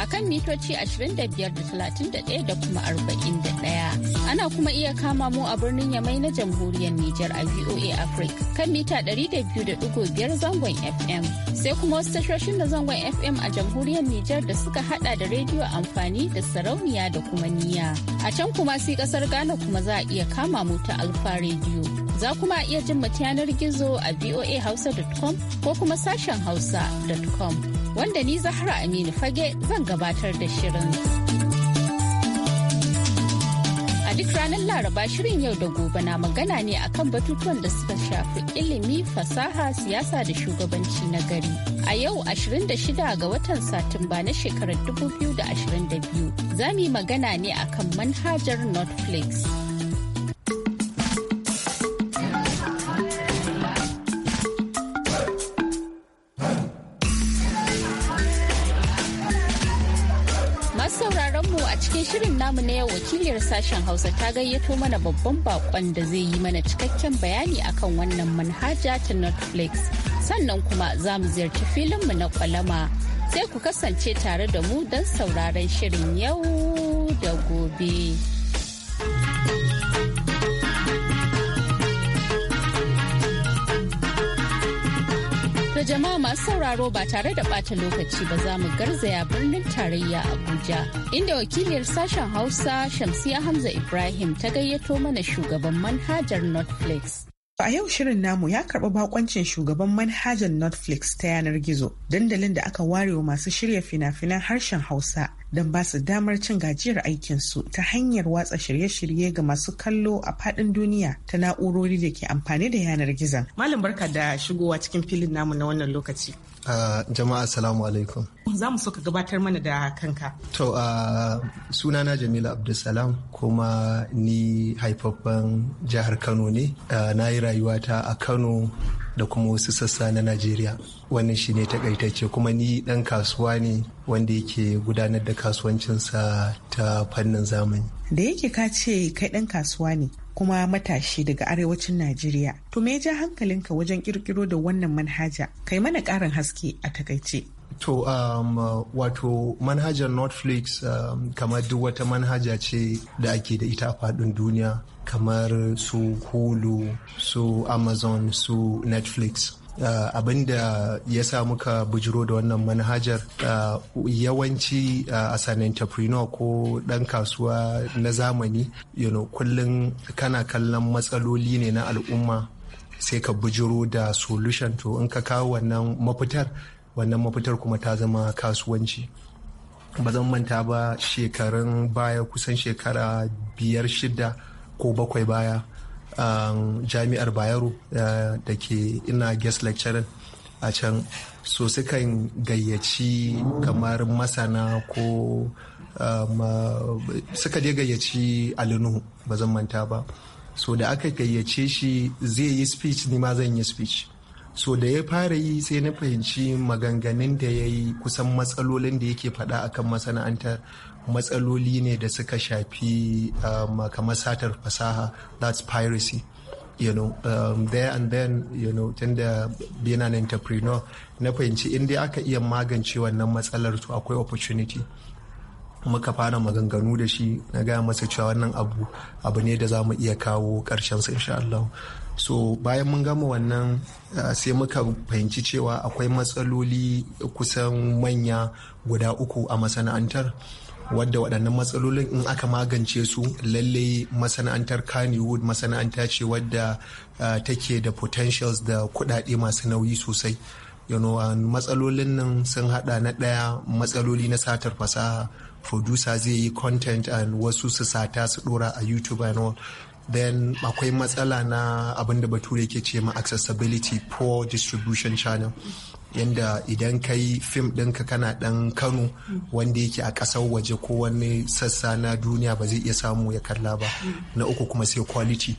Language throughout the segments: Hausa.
a kan mitoci 25.31 da kuma 41. Ana kuma iya kama mu a birnin Yamai na jamhuriyar Nijar a VOA Africa kan mita 200.5 zangon FM. Sai kuma wasu tashoshin da zangon FM a jamhuriyar Nijar da suka hada da rediyo amfani da sarauniya da kuma niya. A can kuma sai kasar Ghana kuma za a iya kama mu ta Alfa Radio. Za kuma a iya jin yanar gizo a voahausa.com ko kuma sashen hausa.com. wanda ni Zahra Aminu Fage zan gabatar da shirin. A duk ranar Laraba shirin yau da gobe na magana ne akan batutuwan da suka shafi ilimi, fasaha, siyasa da shugabanci na gari. A yau 26 ga watan Satumba na shekarar 2022 za mu yi magana ne akan manhajar Netflix. namu na yau wakiliyar sashen Hausa ta gayyato mana babban bakon da zai yi mana cikakken bayani akan wannan manhaja ta Netflix. Sannan kuma za mu ziyarci mu na kwalama. Sai ku kasance tare da mu don sauraron shirin yau da gobe. To jama'a masu sauraro ba tare da ɓata lokaci ba za mu garzaya birnin tarayya Abuja inda wakiliyar sashen Hausa Shamsiya Hamza Ibrahim ta gayyato mana shugaban manhajar Netflix. A yau shirin namu ya karɓi bakoncin shugaban manhajar Netflix ta yanar gizo, dandalin da aka ware wa masu shirya fina-finan harshen Hausa don ba su damar cin gajiyar aikinsu ta hanyar watsa shirye-shirye ga masu kallo a faɗin duniya ta na'urori da ke amfani da yanar gizon. Malam barka da shigowa cikin filin namu na wannan lokaci. Uh, jama'a salamu alaikum. Za mu so ka gabatar mana da kanka. To uh, sunana Jamila Abdulsalam kuma ni haifaffen jihar Kano ne. Uh, na yi rayuwata a Kano da kuma wasu sassa na Najeriya. Wannan shi ne takaitacce kuma ni ɗan kasuwa ne wanda yake gudanar da kasuwancinsa ta fannin zamani. Da yake ka ce kai ɗan kasuwa ne, kuma matashi daga arewacin Najeriya. To me ja hankalinka wajen kirkiro da wannan manhaja? Kai mana ƙarin haske a takaice. To um, wato manhajar Netflix um, kamar duk wata manhaja ce da ake da ita a faɗin duniya kamar su Hulu, su Amazon, su Netflix. Eh, abin da ya sa muka bujiro da wannan manhajar eh, yawanci eh, as an entrepreneur ko ɗan kasuwa na zamani you know, kullum kana kallon matsaloli ne na al'umma sai ka bujiro da solution to in ka kawo wannan mafitar wannan mafitar kuma ta zama kasuwanci ba zan manta ba shekarun baya kusan shekara biyar shida ko bakwai baya Um, jami'ar bayero uh, da ke ina guest lecturer a can so sukan gayyaci kamar masana ko um, uh, suka je gayyaci alinu ba zan manta ba so da aka gayyace shi zai yi speech ni ma zan yi speech so da ya fara yi sai na fahimci maganganun da ya yi kusan matsalolin da yake faɗa akan masana'antar matsaloli ne da suka shafi um, kamar satar fasaha that's piracy you know um, there and then you know tunda being an entrepreneur na fahimci inda aka iya magance wannan matsalar to akwai opportunity muka fara maganganu da shi na gaya masa cewa wannan abu abu ne da za mu iya kawo karshen su insha Allah so bayan mun gama wannan eh, sai muka fahimci cewa akwai matsaloli kusan manya guda uku a masana'antar wadda waɗannan matsalolin in aka magance su lalle masana'antar kannywood masana'anta ce wadda eh, take da potentials da kuɗaɗe masu nauyi sosai matsalolin nan sun hada na ɗaya matsaloli na satar fasaha producer zai yi content and wasu su sata su dora a youtube and all then akwai matsala na abin da bature ke ce ma accessibility poor distribution channel yadda idan ka yi fim ɗinka kana ɗan kano wanda yake a ƙasar waje ko wani sassa na duniya ba zai iya samu ya kalla ba na uku kuma sai quality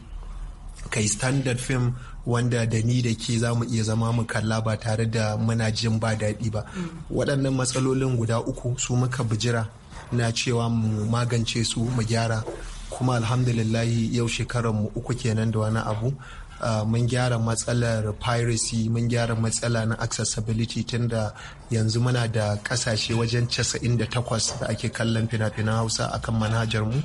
ka yi standard fim wanda da ni da ke za mu iya zama mu kalla ba tare da muna jin ba daɗi ba waɗannan matsalolin guda uku su muka bijira na cewa mu magance su mu gyara kuma alhamdulillahi yau shekarar mu uku kenan da wani abu Uh, mun gyara matsalar piracy mun gyara matsala na accessibility tunda yanzu muna da kasashe wajen 98 da ake kallon fina-finan hausa akan manhajar mu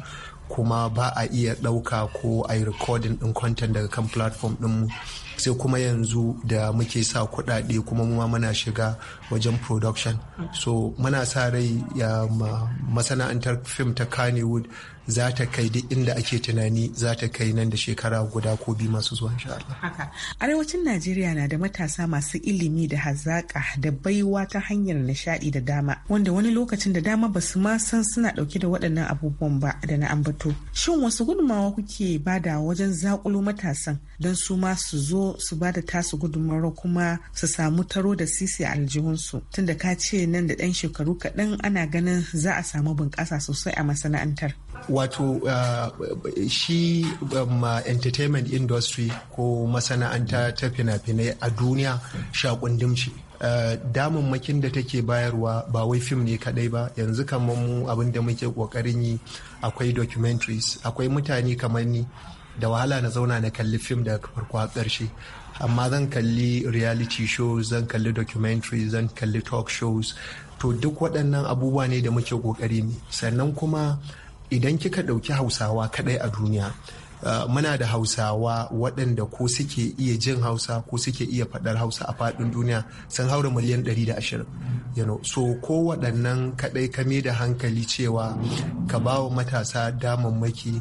kuma ba a iya ɗauka ko a yi recording ɗin content daga kan platform ɗinmu sai kuma yanzu da muke sa kuɗaɗe kuma ma muna shiga wajen production so muna sa rai ya masana'antar fim ta Kannywood za ta kai duk inda ake tunani za ta kai nan da shekara guda ko biyu masu zuwa insha Allah. Arewacin Najeriya na da matasa masu ilimi da hazaka da baiwa ta hanyar nishadi da dama wanda wani lokacin da dama ba su ma san suna dauke da waɗannan abubuwan ba da na ambato. Shin wasu gudunmawa kuke bada wajen zakulo matasan don su ma su zo su ba da tasu gudunmawar kuma su samu taro da sisi a aljihunsu tunda ka ce nan da ɗan shekaru kaɗan ana ganin za a samu bunƙasa sosai a masana'antar. Wato eh, shi um, entertainment industry ko masana'anta ta fina-finai a duniya shakundumci. Uh, eh, damammakin da take bayarwa ba wai fim ne kadai ba yanzu kamar mu abin da muke kokarin yi akwai documentaries akwai mutane kamar ni da wahala na zauna na kalli fim daga farko a ƙarshe amma zan kalli reality shows zan kalli documentary zan kalli talk shows to duk waɗannan abubuwa ne da muke ƙoƙari ne sannan kuma idan kika ɗauki hausawa kaɗai a duniya Uh, muna da hausawa waɗanda ko suke iya jin hausa ko suke iya faɗar hausa a faɗin duniya sun haura miliyan 120 you know, so ko waɗannan kaɗai kame da hankali cewa ka bawa matasa damammaki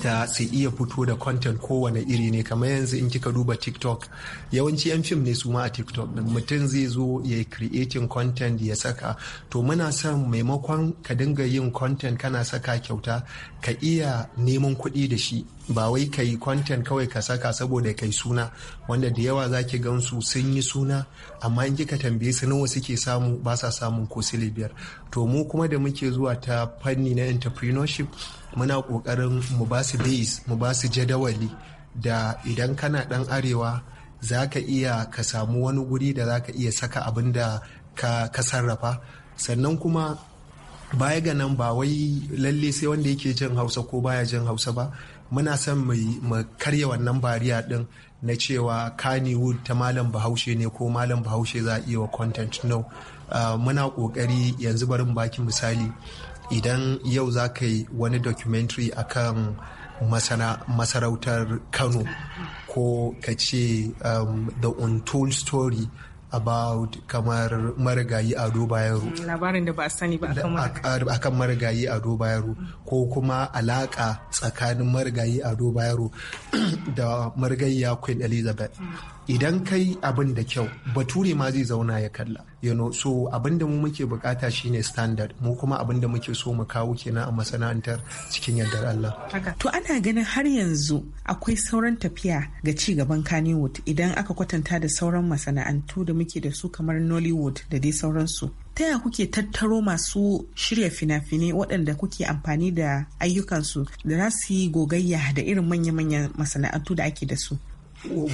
ta su iya fito da content kowane iri ne kamar yanzu in kika duba tiktok yawanci yan fim ne su ma a tiktok mutum zai zo ya yi creating content ya saka to muna son maimakon ka dinga yin content kana saka kyauta ka iya neman kuɗi da shi ba wai ka yi kawai ka saka saboda kai suna wanda da yawa za ki gansu sun yi suna amma in kika tambaye su nawa suke samu ba sa samun ko biyar to mu kuma da muke zuwa ta fanni na entrepreneurship muna kokarin mu ba su base mu ba su jadawali da idan kana dan arewa za ka iya ka samu wani guri da za ka iya saka abin da ka, ka sarrafa sannan kuma baya ga nan ba wai lalle sai wanda yake jin hausa ko baya jin hausa ba muna son mu karya wannan bariya din na cewa Kannywood ta malam bahaushe ne ko malam bahaushe za a iya wa content no uh, muna kokari yanzu barin baki misali idan yau za ka yi wani documentary akan masarautar kano ko ka ce um, the untold story about kamar marigayi ado dubayaru mm, labarin da ba sani ba akan marigayi ado dubayaru ko kuma alaka tsakanin marigayi ado bayero da ya queen elizabeth mm. idan kai abin da kyau bature ma zai zauna ya kalla you so abin da mu muke bukata shine standard mu kuma abin da muke so mu kawo kenan a masana'antar cikin yardar Allah to ana ganin har yanzu akwai sauran tafiya ga ci gaban Kannywood idan aka kwatanta da sauran masana'antu da muke da su kamar Nollywood da dai su ta ya kuke tattaro masu shirya fina-finai waɗanda kuke amfani da ayyukansu da za su yi gogayya da irin manya-manyan masana'antu da ake da su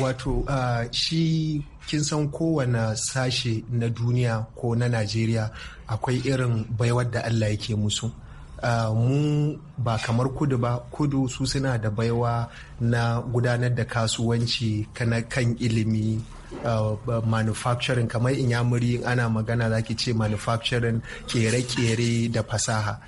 wato uh, shi kin san kowane sashe na duniya ko na najeriya akwai irin baiwar da allah yake musu uh, mu ba kamar kudu ba kudu su suna da baiwa na gudanar da kasuwanci kana kan ilimi Uh, manufacturing kamar inyamuri ana magana zaki ce manufacturing kere-kere da fasaha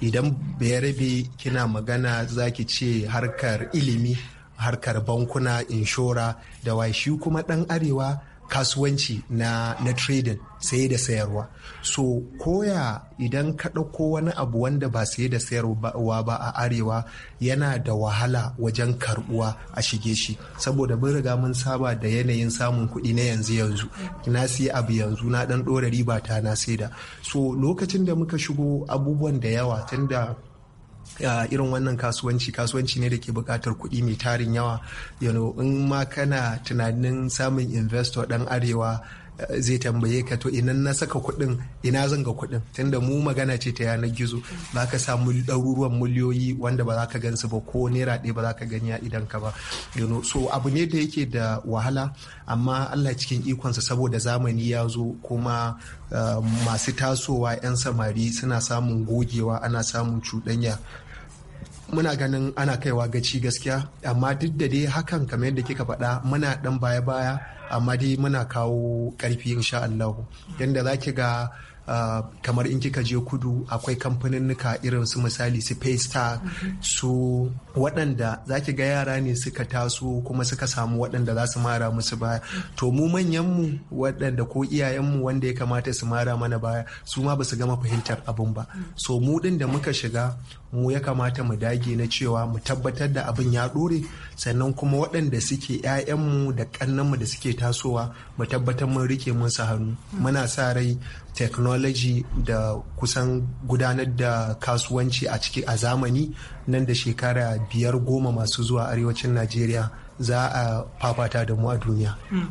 idan bayarabe kina magana zaki ce harkar ilimi harkar bankuna inshora da wai shi kuma dan arewa kasuwanci na, na trading saye da sayarwa so koya idan ka ɗauko wani abu wanda ba saye da sayarwa ba a arewa yana da wahala wajen karbuwa a shige shi saboda mun riga mun saba da yanayin samun kuɗi na yanzu yanzu na siya abu yanzu na ɗan ɗora riba ta na saida so lokacin da muka shigo abubuwan da yawa tunda irin wannan kasuwanci kasuwanci ne da ke bukatar kuɗi mai tarin yawa in ma kana tunanin samun investor ɗan arewa eh, zai tambaye ka to inan na saka kuɗin ina zan ga kuɗin tunda mu magana ce ta yanar gizo ba ka samu ɗaruruwan miliyoyi wanda ba za ka gansu ba ko naira ɗaya ba za ka gani a idan ka ba so abu ne da yake da wahala amma allah cikin ikonsa saboda zamani ya zo kuma eh, masu tasowa 'yan samari suna samun gogewa ana samun cuɗanya muna ganin ana kaiwa gaci gaskiya amma duk da dai hakan kamar yadda kika faɗa muna ɗan baya-baya amma dai muna kawo ƙarfi insha Allah yadda za ki ga Ah, kamar in kika je kudu akwai kamfanin nuka irin su misali su paystar su waɗanda za ki ga yara ne suka taso kuma suka samu waɗanda za su mara musu baya to mu manyanmu waɗanda ko iyayenmu wanda ya kamata su mara mana baya su ma ba su gama fahimtar abin ba so mu ɗin da muka shiga mu ya kamata mu dage na cewa mu tabbatar da abin ya ɗore sannan kuma waɗanda suke ƴaƴanmu da ƙannanmu da suke tasowa mu tabbatar mun rike mun sa hannu muna sa rai technology da kusan gudanar da kasuwanci a ciki a zamani nan da shekara biyar goma masu zuwa arewacin najeriya za a fafata da mu a duniya. Hmm.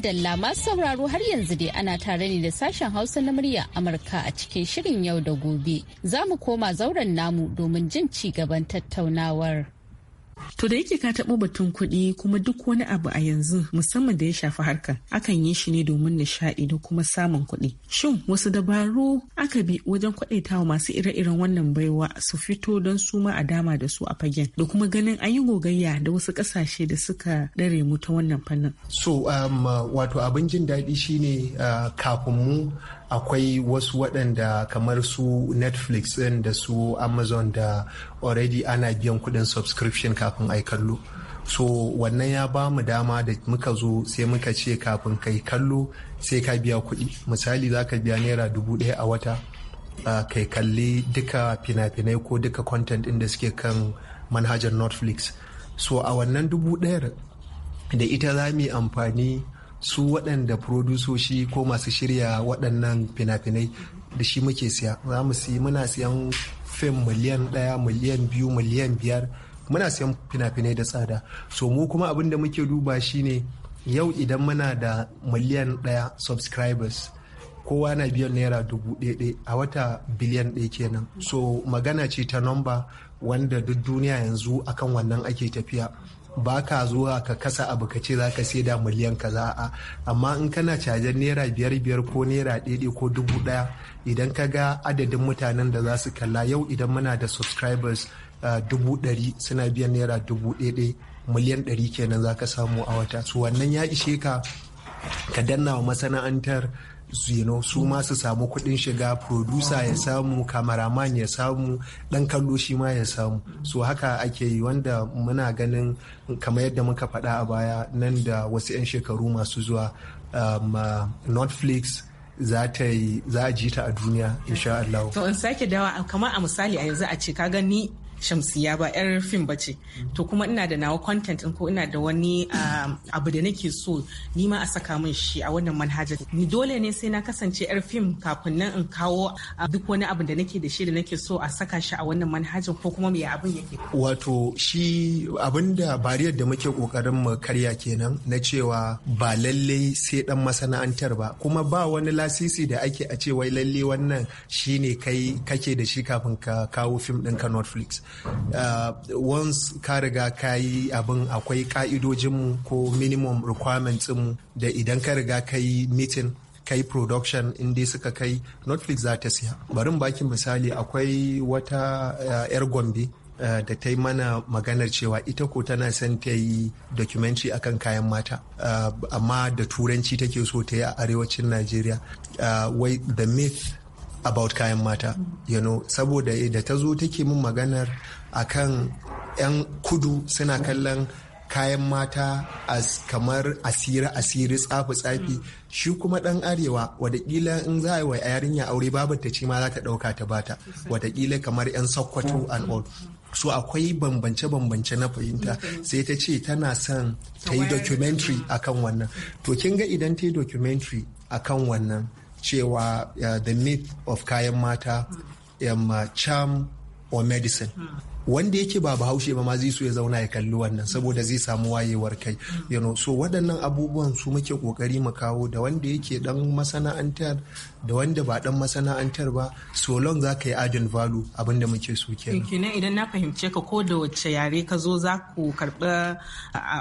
dalla masu sauraro har yanzu dai ana tare ne da sashen Hausa na murya Amurka a cikin shirin yau da gobe. Za mu koma zauren namu domin jin ci gaban tattaunawar. To da yake ka taɓo batun kuɗi kuma duk wani abu a yanzu musamman da ya shafi harkar akan yi shi ne domin nishaɗi da kuma samun kuɗi. Shin wasu dabaru aka bi wajen kwaɗaitawa masu ire-iren wannan baiwa su fito don suma ma a dama da su a fagen da kuma ganin an yi gogayya da wasu ƙasashe da suka dare mu ta wannan fannin. So um, wato abin jin daɗi shine uh, kafin mu akwai wasu waɗanda kamar su netflix ɗin da su amazon da already ana biyan kuɗin subscription kafin ai kallo so wannan ya ba mu dama da muka zo sai muka ce kafin kai kallo sai ka biya kuɗi misali za ka biya naira dubu ɗaya a wata kai kalli duka fina-finai ko duka content ɗin da suke kan manhajar netflix so a wannan dubu ɗayar da ita za mu yi amfani su waɗanda produsoshi ko masu shirya waɗannan fina-finai da shi muke siya za mu si muna siyan fim miliyan ɗaya miliyan biyu miliyan biyar muna siyan fina-finai da tsada so mu kuma abin da muke duba shine yau idan muna da miliyan ɗaya subscribers kowa na biyan naira dubu ɗaya a wata biliyan ɗaya kenan so magana ce ta nomba wanda duk duniya yanzu akan wannan ake tafiya ba ka zuwa ka kasa abu ka ce za ka saida miliyan ka za a amma in kana cajar naira biyar biyar ko naira ɗaiɗai ko dubu ɗaya idan ka ga adadin mutanen da za su kalla yau idan muna da subscribers ah, dubu ɗari suna biyan naira dubu ɗaiɗai miliyan ɗari kenan za ka samu a wata su wannan ya ishe ka ka danna wa masana'antar you su ma su samu kuɗin shiga producer ya samu kamaraman ya samu ɗan kallo shi ma ya samu so haka ake yi wanda muna ganin kamar yadda muka faɗa a baya nan da wasu 'yan shekaru masu zuwa um, uh, netflix za ta yi za a ji ta a duniya insha Allah. To in sake dawa kamar a misali a yanzu a ce ka gani shamsiya ba yar fim ba ce to kuma ina da nawa content ko ina da wani um, abu da nake so ni ma a saka min shi a wannan manhajar ni dole ne sai na kasance yar fim kafin nan in kawo uh, duk wani abu da nake da shi da nake so a saka shi a wannan manhajar ko kuma me abin yake wato shi abin bariyar da muke kokarin mu karya kenan na cewa ba lalle sai dan masana'antar ba kuma ba wani lasisi da ake a ce wai lalle wannan shine kai kake da shi kafin ka kawo fim ɗinka Netflix Uh, once ka riga ka yi abin akwai ka'idojinmu ko minimum requirements mu da idan ka riga ka yi meeting kai production in suka kai netflix za ta siya barin bakin misali akwai wata uh, yar gombe Uh, da ta yi mana maganar cewa ita ko tana son ta yi documentary akan kayan mata uh, amma da turanci take so ta yi a arewacin najeriya uh, wai the myth about kayan mata you know saboda da ta zo take mun maganar akan 'yan kudu suna kallon kayan mata as kamar asiri asiri tsafi tsafi shi kuma dan arewa watakila in za a yi yarinya aure babu ta ce ma za ta dauka ta bata watakila kamar yan sokoto and all so akwai bambance-bambance na fahimta sai ta ce tana son ta yi documentary akan wannan to kin ga idan ta yi documentary akan wannan cewa uh, the myth of kayan mata yamma um, uh, charm or medicine wanda yake ba bahaushe ba ma zai so ya zauna ya kalli wannan saboda zai samu wayewar kai you so waɗannan abubuwan su muke kokari mu kawo da wanda yake dan masana'antar da wanda ba dan masana'antar ba so long za ka yi adin valu abinda muke so kenan kenan idan na fahimce ka ko da wacce yare ka zo za ku karɓi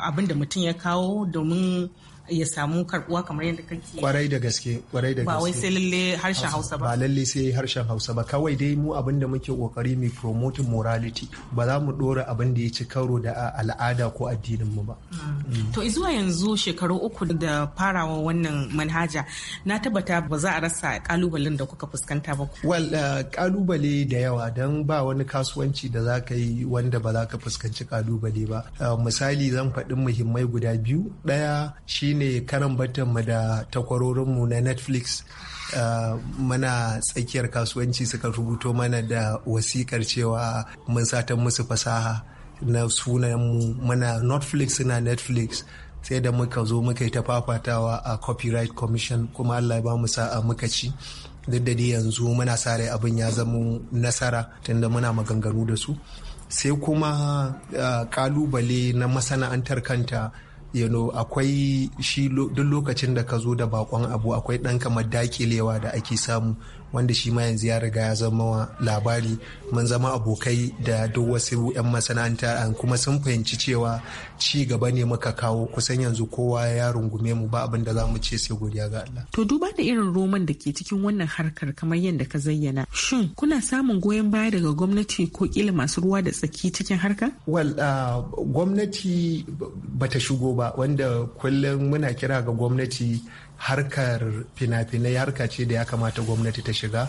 abinda mutum ya kawo domin ya samu karbuwa kamar yadda kake kwarai da gaske kwarai da gaske ba wai sai lalle harshen Hausa ba ba lalle sai harshen Hausa ba kawai dai mu abin da muke kokari mu promote morality ba za mu dora abin da ya ci karo da al'ada ko addinin mu ba hmm. Hmm. to zuwa yanzu shekaru uku da farawa wannan manhaja na tabbata ba za a rasa kalubalen da kuka fuskanta ba well uh, kalubale da yawa dan ba wani kasuwanci da za ka yi wanda ba za ka fuskanci kalubale ba uh, misali zan faɗi muhimmai guda biyu ɗaya shine shine karan batanmu da takwarorinmu na netflix Uh, ah, mana tsakiyar kasuwanci suka rubuto mana da wasikar cewa mun sata musu fasaha na sunanmu mana netflix na netflix sai da muka zo muka yi tafafatawa a copyright commission kuma allah ya ba mu sa'a muka ci duk da yanzu muna sa rai abin ya zama nasara tunda muna maganganu da su sai kuma uh, ah, kalubale na masana'antar kanta yano akwai shi duk lokacin da ka zo da bakon abu akwai dan kamar dakilewa da ake samu wanda shi ma yanzu ya riga ya zama labari mun zama abokai da duk wasu 'yan masana'anta kuma sun fahimci cewa ci gaba ne muka kawo kusan yanzu kowa ya rungume mu ba abin da za mu ce sai godiya ga Allah. To duba da irin roman da ke cikin wannan harkar kamar yadda ka zayyana. Shin kuna samun goyon baya daga gwamnati ko kila masu ruwa da tsaki cikin harka? Wal uh, gwamnati bata shigo ba wanda kullum muna kira ga gwamnati harkar fina-finai harka ce da ya kamata gwamnati ta shiga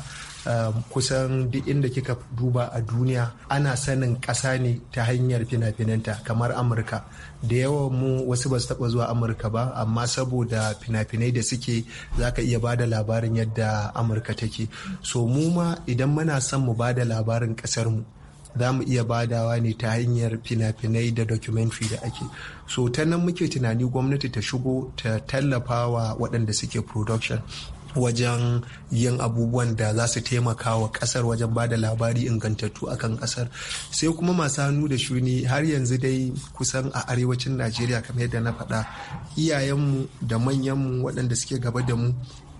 ehm, kusan duk inda kika duba a duniya ana sanin ƙasa ne ta hanyar fina-finanta kamar amurka da yawa mu wasu ba su taɓa zuwa amurka ba amma saboda fina-finai da suke za ka iya bada labarin yadda amurka take so mu ma idan muna son mu bada labarin ƙasarmu mu za mu iya badawa ne ta hanyar fina-finai da documentary da ake so ta nan muke tunani gwamnati ta shigo ta tallafa wa waɗanda suke production wajen yin abubuwan da za su taimaka wa kasar wajen ba da labari ingantattu a kan kasar sai kuma masu hannu da shuni har yanzu dai kusan a arewacin najeriya kamar yadda na faɗa iyayenmu da manyanmu waɗanda suke gaba da mu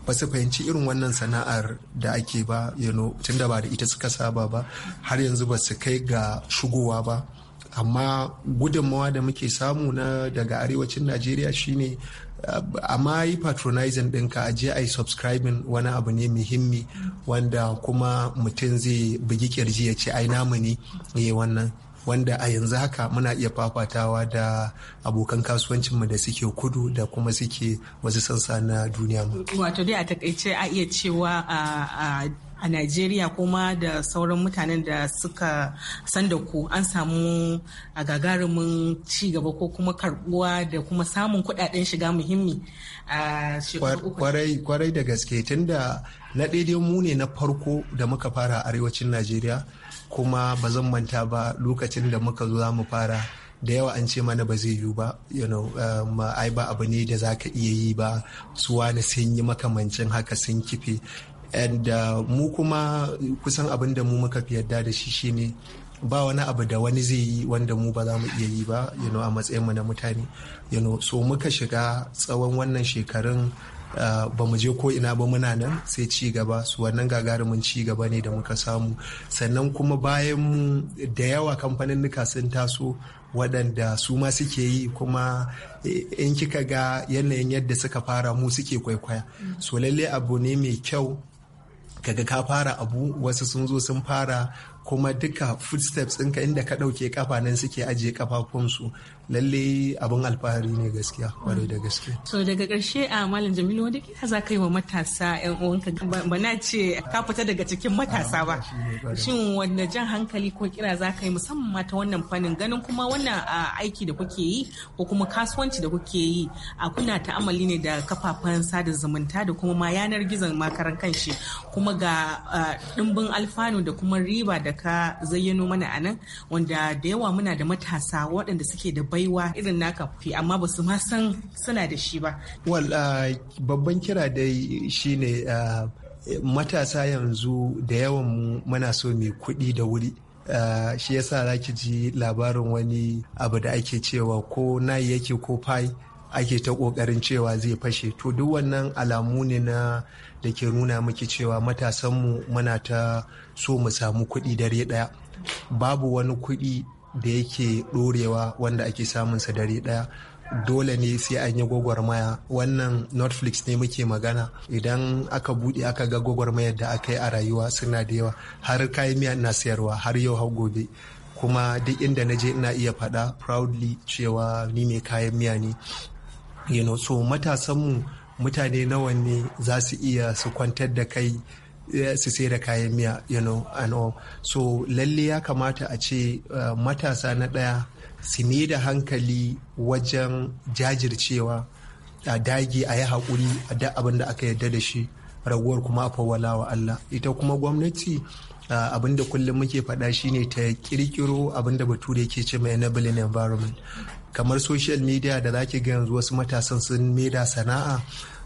ba su fahimci irin wannan sana'ar da ake ba yano tunda ba da ita suka saba ba har yanzu ba su kai ga shigowa ba amma gudunmawa da muke samu na daga arewacin najeriya shine amma yi patronizing ɗinka a je a yi subscribing wani abu ne muhimmi wanda kuma mutum zai bugi kirji ya ce ai namu ne ya eh, wannan wanda a yanzu haka muna iya fafatawa da abokan kasuwancinmu da suke kudu da kuma suke wasu sansa na duniya mu. Wato dai a takaice a iya cewa a a Najeriya kuma da sauran mutanen da suka san da ku an samu a gagarumin gaba ko kuma karbuwa da kuma samun kudaden shiga muhimmi a shekaru kwarai da gaske tunda na daidai mu ne na farko da muka fara a arewacin Najeriya kuma ba zan manta ba lokacin da muka zo mu fara da yawa an ce mana ba zai yiwu ba you know um, ai ba abu ne da zaka iya yi ba suwa wani sun yi makamancin haka sun kife and uh, mu kuma kusan abin da mu muka fi yarda da shi shine ba wani abu da wani zai yi wanda mu ba za mu iya yi ba you know, a na mutane you know, so muka shiga tsawon wannan shekarun uh, ba mu je ko ina ba muna nan sai ci gaba su wannan gagarumin ci gaba ne da muka samu sannan kuma bayan mu da yawa kamfaninnika sun taso waɗanda su ma suke yi kuma eh, in kika ga yanayin yadda suka fara mu suke kwaikwaya so lalle abu ne mai kyau kaga ka fara abu wasu sun zo sun fara kuma duka footsteps ɗinka inda ka ɗauke kafa nan suke ajiye kafafunsu lalle abin alfahari ne gaskiya kwarai da gaske. so daga ƙarshe a malam jamilu wanda ke za ka yi wa matasa yan uwanka ba na ce ka fita daga cikin matasa ba shin wanda jan hankali ko kira za ka yi musamman mata wannan fannin ganin kuma wannan aiki da kuke yi ko kuma kasuwanci da kuke yi a kuna ta'amali ne da kafafen sada zumunta da kuma ma yanar gizon makaran kanshi kuma ga ɗimbin alfanu da kuma riba da ka zayyano mana a nan wanda da yawa muna da matasa waɗanda suke da baiwa irin naka fi amma ba su ma san suna da shi ba. wala uh, babban kira dai shine uh, matasa yanzu da yawan muna so mai kuɗi da wuri. Uh, shi yasa za ki ji labarin wani abu da ake cewa ko nayi yake ko fai ake ta kokarin cewa zai fashe to duk wannan alamu ne na da ke nuna miki cewa matasanmu muna ta so mu samu kuɗi dare ɗaya babu wani kuɗi da yake ɗorewa wanda ake samunsa dare ɗaya dole ne sai an yi gwagwarmaya wannan netflix ne muke magana idan aka buɗe aka ga gwagwarmayar da aka yi a rayuwa suna da yawa har kayan miya na sayarwa har yau hau gobe kuma duk inda na je ina iya faɗa proudly cewa ni mai kayan miya ne you know so matasanmu mutane nawa ne za su iya su kwantar da kai eh, su sai da kayan miya you know and all so lalle ya kamata a ce uh, matasa na ɗaya su ne da hankali wajen jajircewa a dage a yi haƙuri a da abin da aka yarda da shi raguwar kuma a fawala wa Allah ita kuma gwamnati uh, abin da kullum muke faɗa ne ta ƙirƙiro abin da bature ke ce mai enabling environment kamar social media da zaki ga yanzu wasu matasan sun maida sana'a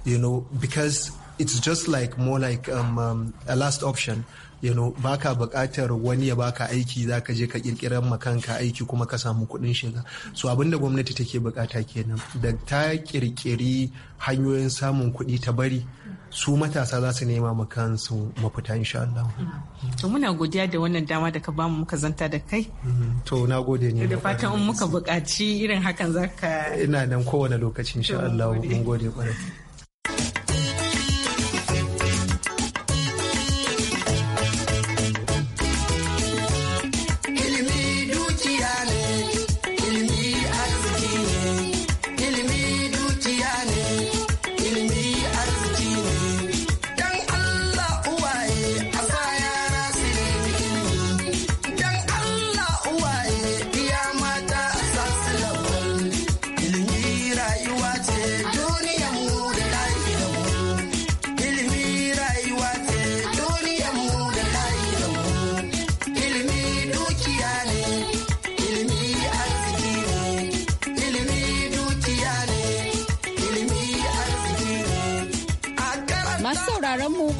you know because it's just like more like um, um, a last option you know baka buƙatar wani ya baka aiki za ka je ka kirkirar makanka aiki kuma ka samu kuɗin shiga so abinda gwamnati take buƙata kenan da ta kirkiri hanyoyin samun kuɗi ta bari su matasa za su nema ma kansu mafita insha Allah. To muna godiya da wannan dama da ka bamu muka zanta da kai. Mm-hmm. To na gode ne. Da fatan in muka buƙaci irin hakan za ka. Ina nan kowane lokaci insha Allah mun gode kwarai.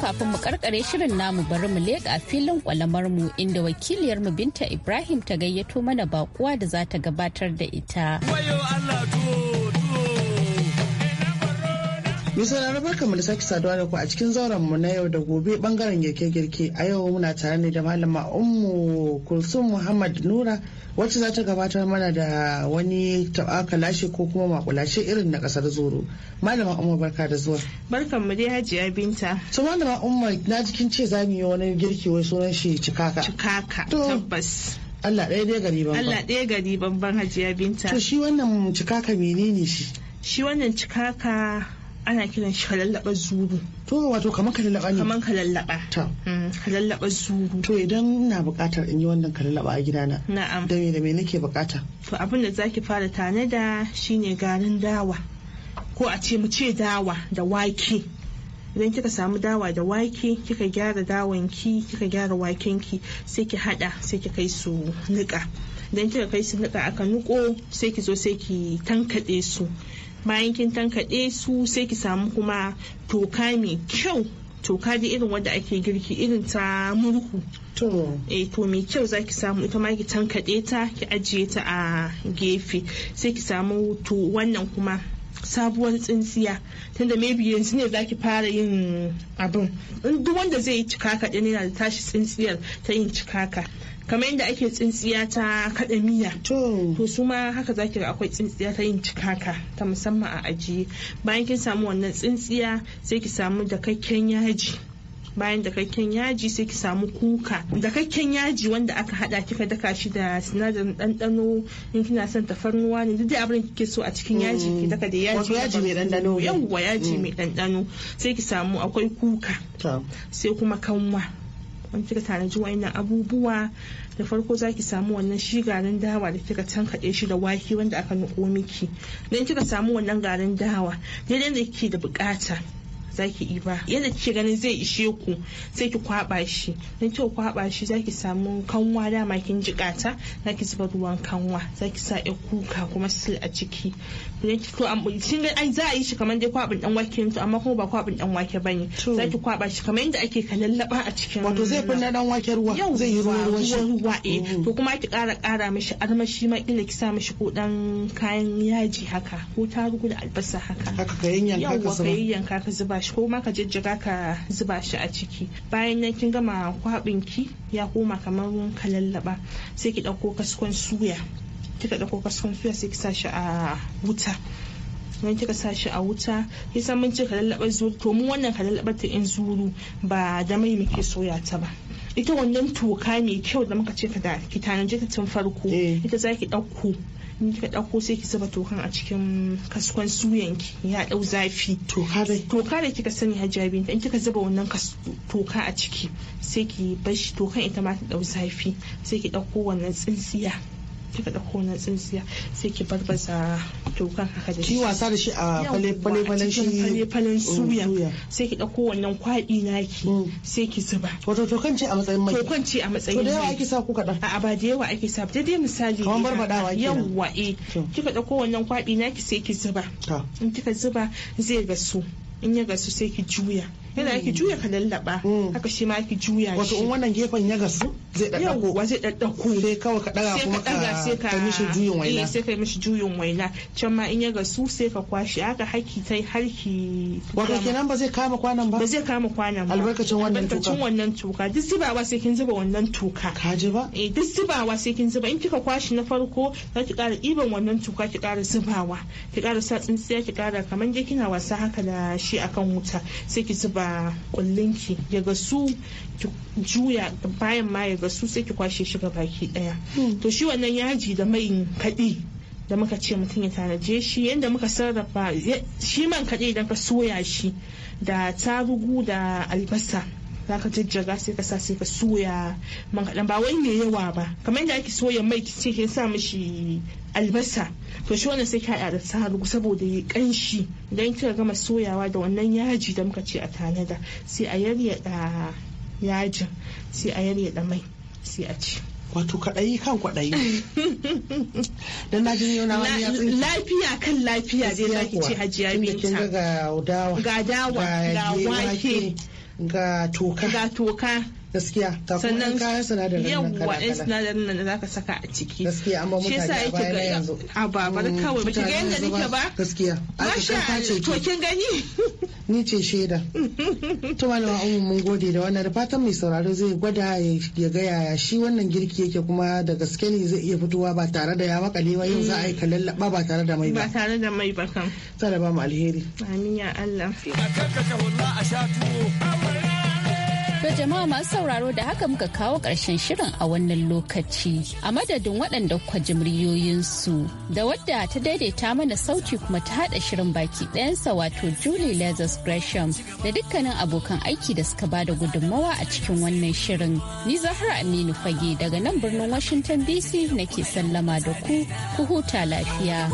kafin mu karkare shirin namu bari mu leƙa filin kwalamar mu inda wakiliyar mu Binta Ibrahim ta gayyato mana bakuwa da za ta gabatar da ita. Mai sauraro barka mu da sake saduwa da ku a cikin zauren mu na yau da gobe bangaren girke-girke a yau muna tare ne da malama Ummu Kulsum Muhammad Nura wacce za ta gabatar mana da wani taɓaka lashe ko kuma makulashe irin na kasar zoro malama umar barka da zuwa barkan mu dai hajiya binta to malama umar na jikin ce za mu yi wani girki wai sunan shi cikaka cikaka tabbas Allah ɗaya ɗaya gari banban Allah ɗaya gari banban hajiya binta to shi wannan cikaka menene shi shi wannan cikaka ana kiran shi kalallaba zuru to wato kamar kalallaba ne kamar kalallaba ta mm, kalallaba zuru to idan na buƙatar in yi wannan kalallaba a na. na'am da me da me nake buƙata to abin da zaki fara tanada shine garin dawa ko a ce mu ce dawa da wake idan kika samu dawa da wake kika gyara dawanki kika gyara wakenki sai ki hada sai ki kai su niƙa idan kika kai su niƙa aka nuko sai ki zo sai ki tankaɗe su bayan kin tankaɗe su sai ki samu kuma toka mai kyau toka da irin wanda ake girki irin ta murhu to eh to mai kyau zaki samu ita ma ki tankaɗe ta ki ajiye ta a gefe sai ki samu to wannan kuma sabuwar tsintsiya tunda maybe yanzu ne zaki fara yin abin duk wanda zai yi cikaka ɗin yana da tashi tsintsiyar ta yin cikaka kamar yadda ake tsintsiya ta kaɗa miya to su ma haka zaki ga akwai tsintsiya ta yin cikaka ta musamman a ajiye bayan kin samu wannan tsintsiya sai ki samu dakakken yaji bayan dakakken yaji sai ki samu kuka dakakken yaji wanda aka hada kika daka shi da sinadarin dandano in kina son tafarnuwa ne duk da abin kike so a cikin yaji ki mm. daka da yaji yaji mai ɗanɗano yawwa yaji mm. mai dandano sai ki samu akwai kuka sai kuma kanwa in kika tanaji wayannan abubuwa da farko zaki samu wannan shi garin dawa da kika tankaɗe shi da wake wanda aka nuko miki dan kika samu wannan garin dawa daidai da kike da bukata zaki iba yadda kike ganin zai ishe ku sai ki kwaba shi dan kika kwaba shi zaki samu kanwa dama kin jikata zaki zuba ruwan kanwa zaki sa ya kuka kuma sil a ciki idan ki to ga ai za a yi shi kamar dai kwabin dan wake to amma kuma ba kwabin dan wake bane zaki kwaba shi kamar yadda ake kalallaba a cikin wato zai fi na dan wake ruwa zai yi ruwan ruwa ruwa eh mm-hmm. to kuma ki kara kara mishi armashi ma kila ki sa mishi ko dan kayan yaji haka ko tarugu da albasa haka haka ka yanyanka ka zuba shi ko ma ka jijjiga ka zuba shi a ciki bayan nan kin gama kwabin ki ya koma kamar ka lallaba sai ki dauko kaskon suya kika dauko kaskon suya sai ki sa shi a wuta wani kika sa shi a wuta san mun ce ka lallaba zuru to mu wannan ka lallaba ta in zuru ba da mai muke soya ta ba ita wannan toka mai kyau da muka ce ka da ki tanaje ta tun farko eh. ita za ki ɗauko in kika dauko sai ki zuba tokan a cikin kaskon suyan ki ya dau zafi toka dai toka da kika sani hijabi in kika zuba wannan toka a ciki sai ki bar shi tokan ita ma ta dau zafi sai ki dauko wannan tsintsiya kika dauko na tsintsiya sai ki barbaza tokan haka da shi wasa da shi a fale fale fale shi fale fale mm, suya sai ki dauko wannan kwaɗi naki mm. sai ki zuba wato tokan ce a matsayin mai tokan ce a matsayin mai to da yawa ake sa ku kadan a ba da yawa ake sa da dai misali kamar barbadawa kenan yawa eh kika dauko wannan kwaɗi naki sai ki zuba in kika zuba zai gasu in ya gasu sai ki juya yana ki juya ka lallaba mm. haka shi ma ki juya shi wato in wannan gefen ya gasu zai daddako zai daddako sai kawai ka daga kuma ka kai mishi juyin waina eh, sai kai mishi juyin waina can ma in ya gasu sai ka kwashi haka haki tai harki wato kenan ba zai kama kwanan ba ba zai kama kwanan ba albarkacin wannan tuka albarkacin wannan tuka duk zubawa sai kin zuba wannan tuka ka ji ba eh duk zubawa sai kin zuba in kika kwashi na farko za ki ƙara iban wannan tuka ki ƙara zubawa ki ƙara sa tsintsiya ki ƙara kamar dai kina wasa haka da shi akan wuta sai ki zuba kullun ki ya gasu juya bayan ma ya ga su sai ki kwashe shi ga baki daya hmm. to shi wannan yaji da mai kadi da muka ce mutum ya tanaje shi yadda muka sarrafa shi man kaɗi idan ka soya shi da tarugu da albasa za ka jajjaga sai ka sa sai ka soya man kadan ba wai mai yawa ba kamar yadda ake soya mai ki ce ki sa mishi albasa to shi wannan sai ka haɗa da tarugu saboda ya kanshi idan kika gama soyawa da wannan yaji da muka ce a tanada sai a yaryada yajin sai a yaryada mai sai a ci wato kaɗayi kan kwaɗayi don na jin yau na wani ya lafiya kan lafiya dai za ki ce hajiya minta ga dawa ga dawa ga wake ga toka ga toka gaskiya sannan kayan sinadarin nan kala kala. yawa ɗan sinadarin nan da zaka saka a ciki gaskiya amma mutane a baya na yanzu a babar mm, kawai ba ga yanda nake ba gaskiya kace to kin gani ni ce shaida to malama ummu mun gode da wannan da fatan mai sauraro zai gwada ya ga yaya shi wannan girki yake kuma da gaske ne zai iya fitowa ba tare da ya makale ba yau za a yi mm. kallallaba ba tare da mai ba ba tare da mai ba kam. sada ba mu alheri amin ya Allah a kanka ka wallahi a sha tuwo To jama'a masu sauraro da haka muka kawo ƙarshen shirin a wannan lokaci. A madadin waɗanda kwa jimriyoyinsu da wadda ta daidaita mana sauti kuma ta haɗa shirin baki ɗayansa wato Julie Lazarus Gresham da dukkanin abokan aiki da suka bada gudunmawa a cikin wannan shirin. Ni Zahra Aminu Fage daga nan birnin Washington DC nake sallama da ku, ku huta lafiya.